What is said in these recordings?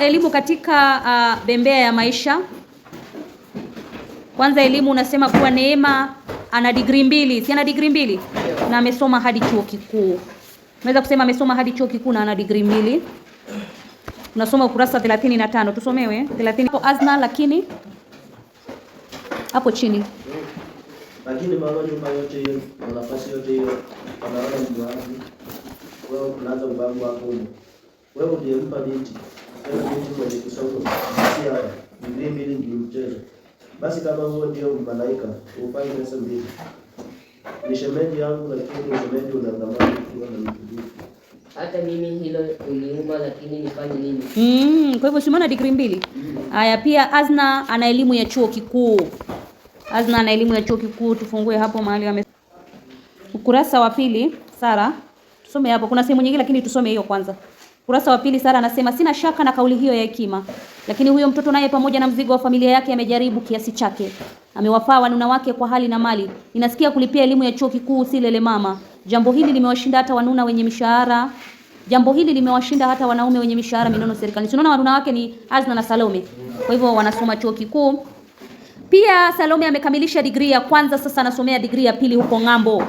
Elimu katika uh, bembea ya maisha. Kwanza elimu unasema kuwa Neema ana degree mbili, si ana degree mbili na amesoma hadi chuo kikuu. Unaweza kusema amesoma hadi chuo kikuu na ana degree mbili. Unasoma ukurasa 35, tusomewe 30 hapo Azna, lakini hapo chini lakini nyumba yote yote hiyo hiyo na nafasi wewe unaanza ubavu wako. Wewe uliyempa binti mchezo. Basi kama huo ndio malaika, ufanye pesa mbili. Ni shemeji yangu, lakini shemeji kuwa na Hata mimi hilo lakini nifanye nini? Mm, kwa hivyo si maana mbili. Mm. Haya, pia Azna ana elimu ya chuo kikuu. Azna ana elimu ya chuo kikuu. Tufungue hapo mahali ame ukurasa wa pili. Sara, tusome hapo. Kuna sehemu nyingine, lakini tusome hiyo kwanza. Kurasa wa pili, Sara anasema sina shaka na kauli hiyo ya hekima, lakini huyo mtoto naye pamoja na mzigo wa familia yake amejaribu kiasi chake. Amewafaa wanuna wake kwa hali na mali. Ninasikia kulipia elimu ya chuo kikuu si lele mama. Jambo hili limewashinda hata wanuna wenye mishahara. Jambo hili limewashinda hata wanaume wenye mishahara minono serikali. Tunaona wanuna wake ni Azna na Salome. Kwa hivyo wanasoma chuo kikuu. Pia Salome amekamilisha digrii ya kwanza, sasa anasomea digrii ya pili huko ng'ambo.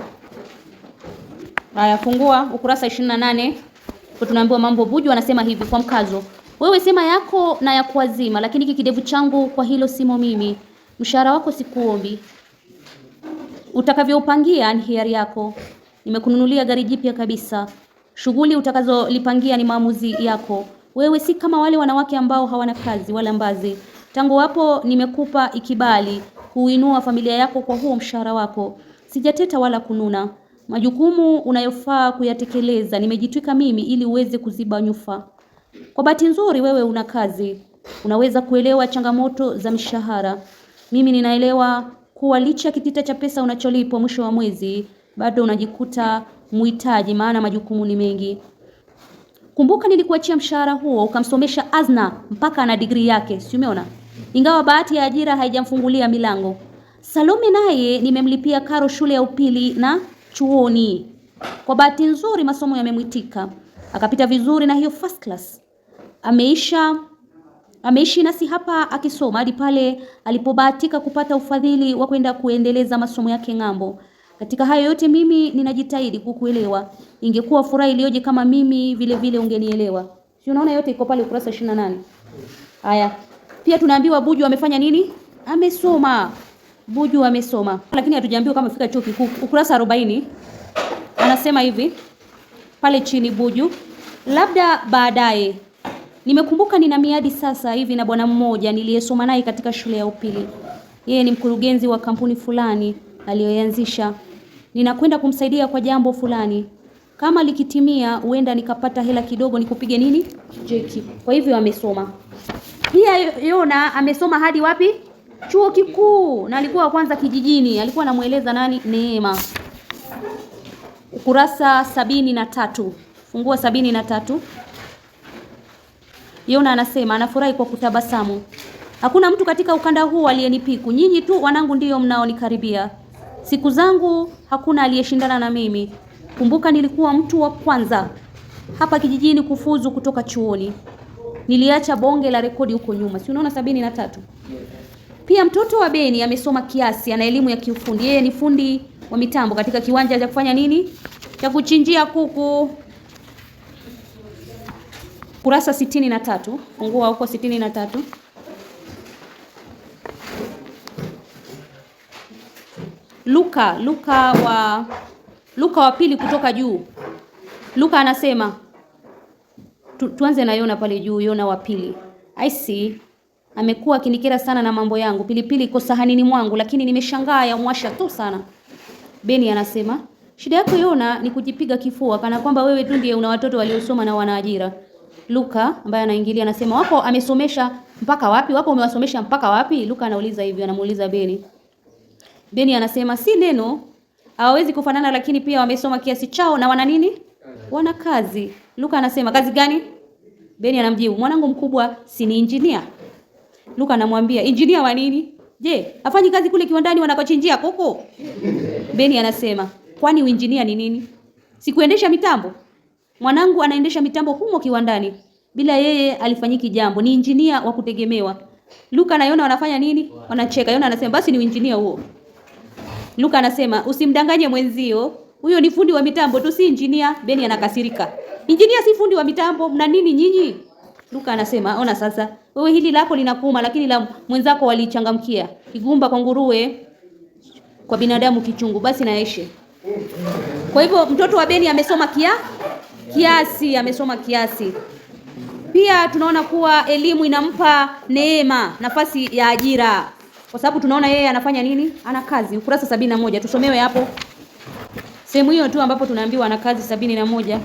Haya, fungua ukurasa 28. Kwa tunaambiwa mambo Buju anasema hivi kwa mkazo, wewe sema yako na ya kuazima, lakini hiki kidevu changu kwa hilo simo mimi. Mshahara wako sikuombi, utakavyopangia ni hiari yako. Nimekununulia gari jipya kabisa, shughuli utakazolipangia ni maamuzi yako. Wewe si kama wale wanawake ambao hawana kazi wala mbazi. Tangu hapo nimekupa ikibali kuinua familia yako kwa huo mshahara wako. Sijateta wala kununa. Majukumu unayofaa kuyatekeleza nimejitwika mimi ili uweze kuziba nyufa. Kwa bahati nzuri wewe una kazi, unaweza kuelewa changamoto za mshahara. Mimi ninaelewa kuwa licha ya kitita cha pesa unacholipwa mwisho wa mwezi bado unajikuta muhitaji, maana majukumu ni mengi. Kumbuka nilikuachia mshahara huo ukamsomesha Azna mpaka ana digrii yake, si umeona? Ingawa bahati ya ajira haijamfungulia milango. Salome naye nimemlipia karo shule ya upili na chuoni. Kwa bahati nzuri masomo yamemwitika akapita vizuri na hiyo first class. Ameisha ameishi nasi hapa akisoma hadi pale alipobahatika kupata ufadhili wa kwenda kuendeleza masomo yake ng'ambo. Katika hayo yote mimi ninajitahidi kukuelewa. Ingekuwa furaha iliyoje kama mimi vile vile ungenielewa. Si unaona yote iko pale ukurasa 28. Haya. Pia tunaambiwa Buju amefanya nini? Amesoma. Buju amesoma, lakini hatujaambiwa kama fika chuo kikuu. Ukurasa 40 anasema hivi pale chini, Buju labda baadaye. Nimekumbuka nina miadi sasa hivi na bwana mmoja niliyesoma naye katika shule ya upili. Yeye ni mkurugenzi wa kampuni fulani aliyoanzisha. Ninakwenda kumsaidia kwa jambo fulani. Kama likitimia, huenda nikapata hela kidogo nikupige nini jeki. Kwa hivyo amesoma pia. Yona amesoma hadi wapi? chuo kikuu, na alikuwa wa kwanza kijijini. Alikuwa anamweleza nani? Neema. Ukurasa sabini na tatu fungua sabini na tatu Yona anasema anafurahi kwa kutabasamu. Hakuna mtu katika ukanda huu aliyenipiku, nyinyi tu wanangu ndiyo mnaonikaribia. Siku zangu hakuna aliyeshindana na mimi. Kumbuka nilikuwa mtu wa kwanza hapa kijijini kufuzu kutoka chuoni. Niliacha bonge la rekodi huko nyuma, si unaona sabini na tatu. Pia mtoto wa Beni amesoma kiasi, ana elimu ya kiufundi. Yeye ni fundi wa mitambo katika kiwanja cha kufanya nini, cha kuchinjia kuku. Kurasa sitini na tatu fungua huko sitini na tatu Luka Luka wa Luka wa pili kutoka juu. Luka anasema tu, tuanze na Yona pale juu, Yona wa pili I see amekuwa akinikera sana na mambo yangu. Pilipili iko sahanini mwangu, lakini nimeshangaa ya mwasha tu sana. Beni anasema shida yako Yona ni kujipiga kifua kana kwamba wewe tu ndiye una watoto waliosoma na wana ajira. Luka ambaye anaingilia anasema wapo amesomesha mpaka wapi? Wapo umewasomesha mpaka wapi? Luka anauliza hivyo, anamuuliza Beni. Beni anasema si neno hawawezi kufanana, lakini pia wamesoma kiasi chao na wana nini? Wana kazi. Luka anasema kazi gani? Beni anamjibu mwanangu mkubwa si ni engineer Luka anamwambia injinia wa nini? Je, afanyi kazi kule kiwandani wanakochinjia kuku? Beni anasema kwani uinjinia ni nini? Sikuendesha mitambo. Mwanangu anaendesha mitambo humo kiwandani. Bila yeye alifanyiki jambo. Ni injinia wa kutegemewa. Luka na Yona wanafanya nini? Wanacheka. Yona anasema basi ni uinjinia huo. Luka anasema usimdanganye mwenzio. Huyo ni fundi wa mitambo tu, si injinia. Beni anakasirika. Injinia si fundi wa mitambo, mna nini nyinyi? Luka anasema ona sasa wewe hili lako linakuuma, lakini la mwenzako walichangamkia. Kigumba kwa nguruwe, kwa binadamu kichungu, basi naeshe. Kwa hivyo mtoto wa Beni amesoma kia kiasi, amesoma kiasi. Pia tunaona kuwa elimu inampa neema, nafasi ya ajira, kwa sababu tunaona yeye anafanya nini? Ana kazi. Ukurasa sabini na moja tusomewe hapo sehemu hiyo tu ambapo tunaambiwa ana kazi sabini na moja.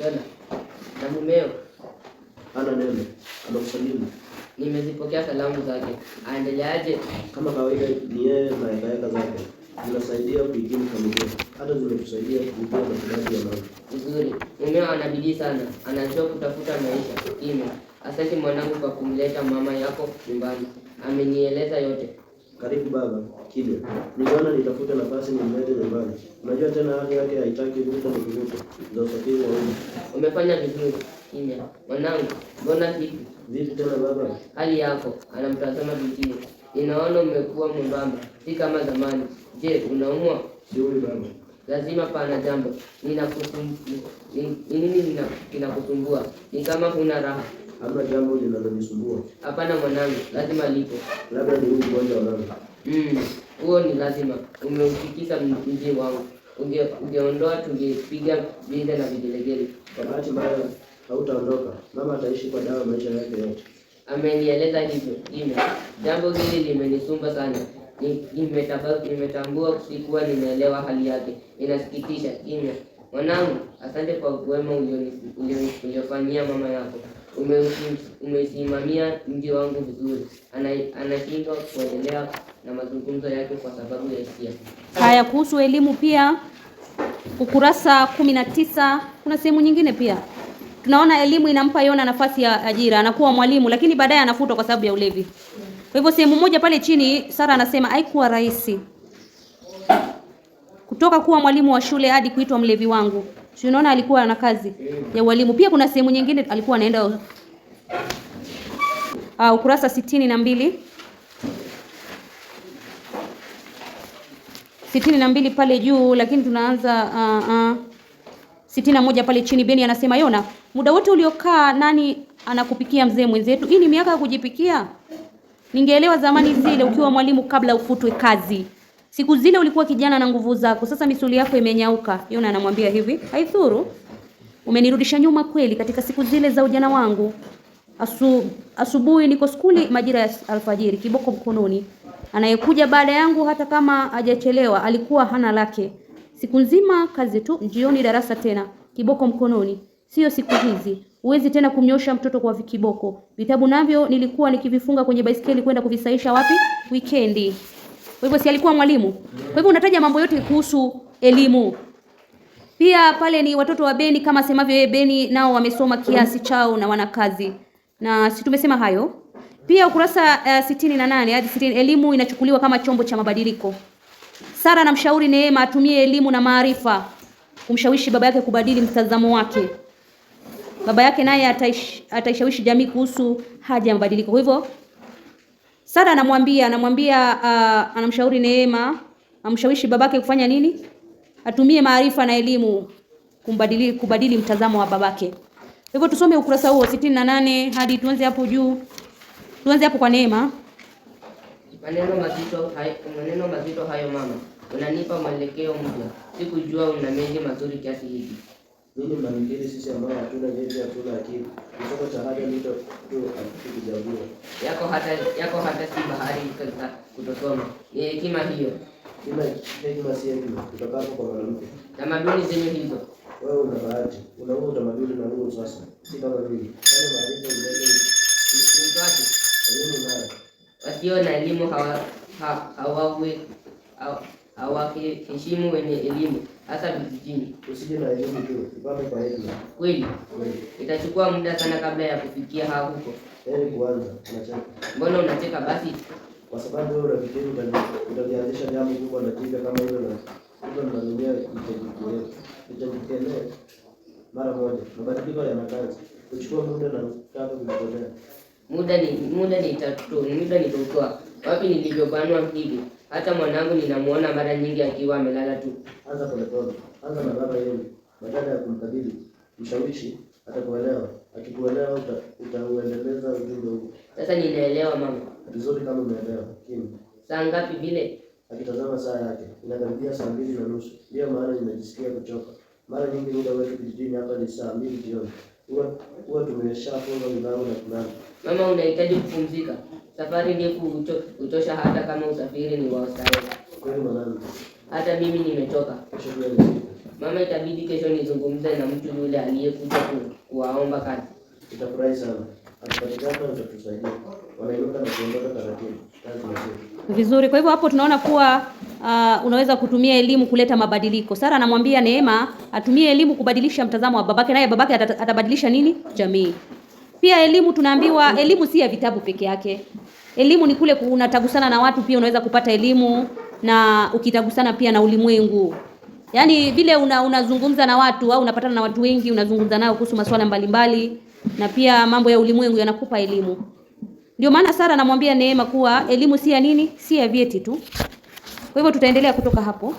Dada na mumeo ana neno, anakusalimu. Nimezipokea salamu zake, aendeleaje? Kama kawaida, ni yeye na hekaheka zake zinasaidia kuikimu familia, hata zimetusaidia kujua matibabu ya mama vizuri. Mumeo ana bidii sana, anajua kutafuta maisha ima. Asante mwanangu kwa kumleta mama yako nyumbani, amenieleza yote karibu baba, Kido. Niliona nitafuta nafasi nimlete nyumbani. Unajua tena hali yake haitaki vuta ni kuvuta za usafiri wa umma. Umefanya vizuri, Kimya. Mwanangu, mbona vipi? Vipi tena baba? Hali yako, anamtazama bintiye. Inaona umekuwa mwembamba, si kama zamani. Je, unaumwa? Siuli baba. Lazima pana jambo. Ninakusumbua. Nini nina kinakusumbua? Ni kama huna raha. Hamna jambo linalonisumbua. Hapana mwanangu, lazima lipo. Labda ni huu ugonjwa wa mama. Mm, huo ni lazima. Umeufikisha mji wangu. Unge ungeondoa tungepiga vita na vigelegele. Kwa bahati mbaya hautaondoka. Mama ataishi kwa dawa maisha yake yote. Amenieleza hivyo. Jina. Jambo hili limenisumba sana. Nimetambua sikuwa nimeelewa hali yake. Inasikitisha. Jina. Mwanangu, asante kwa wema uliofanyia mama yako umeisimamia mji wangu vizuri. Anashindwa kuendelea na mazungumzo yake kwa sababu ya hisia. Haya, kuhusu elimu pia ukurasa kumi na tisa kuna sehemu nyingine pia tunaona elimu inampa Yona nafasi ya ajira, anakuwa mwalimu, lakini baadaye anafutwa kwa sababu ya ulevi. Kwa hivyo sehemu moja pale chini, Sara anasema haikuwa rahisi kutoka kuwa mwalimu wa shule hadi kuitwa mlevi wangu. Si unaona alikuwa na kazi ya walimu Pia kuna sehemu nyingine alikuwa anaenda uh, ukurasa sitini na mbili sitini na mbili pale juu, lakini tunaanza uh, uh, sitini na moja pale chini. Beni anasema Yona, muda wote uliokaa nani anakupikia mzee mwenzetu? Hii ni miaka ya kujipikia. Ningeelewa zamani zile ukiwa mwalimu kabla ufutwe kazi siku zile ulikuwa kijana na nguvu zako, sasa misuli yako imenyauka. Yona anamwambia hivi, haithuru, umenirudisha nyuma kweli katika siku zile za ujana wangu. Asu, asubuhi niko skuli majira ya alfajiri, kiboko mkononi. Anayekuja baada yangu hata kama hajachelewa alikuwa hana lake. Siku nzima kazi tu, jioni darasa tena, kiboko mkononi. Sio siku hizi, huwezi tena kumnyosha mtoto kwa vikiboko. Vitabu navyo nilikuwa nikivifunga kwenye baisikeli kwenda kuvisaisha wapi? Wikendi. Kwa hivyo si alikuwa mwalimu. Kwa hivyo unataja mambo yote kuhusu elimu. Pia pale ni watoto wa Beni kama semavyo yeye, Beni nao wamesoma kiasi chao na wana kazi. Na si tumesema hayo. Pia ukurasa uh, sitini na nane hadi sitini, elimu inachukuliwa kama chombo cha mabadiliko. Sara anamshauri Neema atumie elimu na maarifa kumshawishi baba yake kubadili mtazamo wake. Baba yake naye ataishawishi jamii kuhusu haja ya mabadiliko. Kwa hivyo Sara anamwambia anamwambia uh, anamshauri Neema amshawishi babake kufanya nini? Atumie maarifa na elimu kumbadili kubadili mtazamo wa babake. Hivyo tusome ukurasa huo 68 hadi tuanze hapo juu. Tuanze hapo kwa Neema. Maneno mazito hayo, maneno mazito hayo mama. Unanipa mwelekeo mpya. Sikujua una mengi mazuri kiasi hiki nini mnafikiri sisi ambao hatuna vyeti, hatuna akili, kisomo cha hada mito tu hatukuchagua yako hata yako hata si bahari kutosoma. Ni hekima hiyo, kima hekima si hekima kutokapo kwa mwanamke. Tamaduni zenye hizo, wewe una bahati, una huo utamaduni na huo sasa, si kama mimi kama maarifa ulete mtaki elimu nayo, wasio na elimu hawawe hawaheshimu wenye elimu, hasa vijijini. Usije na elimu tu, ipate kwa hekima. Kweli itachukua muda sana kabla ya kufikia hapo huko. Heri kuanza. Unacheka, mbona unacheka? Basi kwa sababu wewe unafikiri utalianzisha jambo kubwa na tija kama hilo, na hilo linanuia itajitelee mara moja. Mabadiliko ya makazi kuchukua muda na kutaka kujitolea. Muda ni muda, ni tatu, muda, ni nitautoa wapi nilivyobanwa hivi hata mwanangu ninamuona mara nyingi akiwa amelala tu. Anza polepole, anza na baba yenu, badala ya kumkabili, mshawishi atakuelewa. Akikuelewa uta, utauendeleza ujumbe huu. Sasa ninaelewa mama. Vizuri kama umeelewa. Kim. Saa ngapi vile? Akitazama saa yake, inakaribia saa mbili na nusu. Ndio maana nimejisikia kuchoka. Mara nyingi muda wetu kijijini hapa ni saa mbili jioni. Huwa huwa tumeshafunga milango na kulala. Mama, unahitaji kupumzika. Safari ndefu huchosha, hata kama usafiri ni wa starehe. Hata mimi nimechoka mama, itabidi kesho nizungumze na mtu yule aliyekuja kuwaomba kazi. Tutafurahi sana Vizuri. Kwa hivyo hapo tunaona kuwa uh, unaweza kutumia elimu kuleta mabadiliko. Sara anamwambia Neema atumie elimu kubadilisha mtazamo wa babake, naye babake atabadilisha nini? Jamii. Pia elimu tunaambiwa elimu si ya vitabu peke yake. Elimu ni kule unatagusana na watu, pia unaweza kupata elimu na ukitagusana pia na ulimwengu. Yaani vile una, unazungumza na watu au unapatana na watu wengi, unazungumza nao kuhusu masuala mbalimbali na pia mambo ya ulimwengu yanakupa elimu. Ndio maana Sara anamwambia Neema kuwa elimu si ya nini? Si ya vyeti tu. Kwa hivyo tutaendelea kutoka hapo.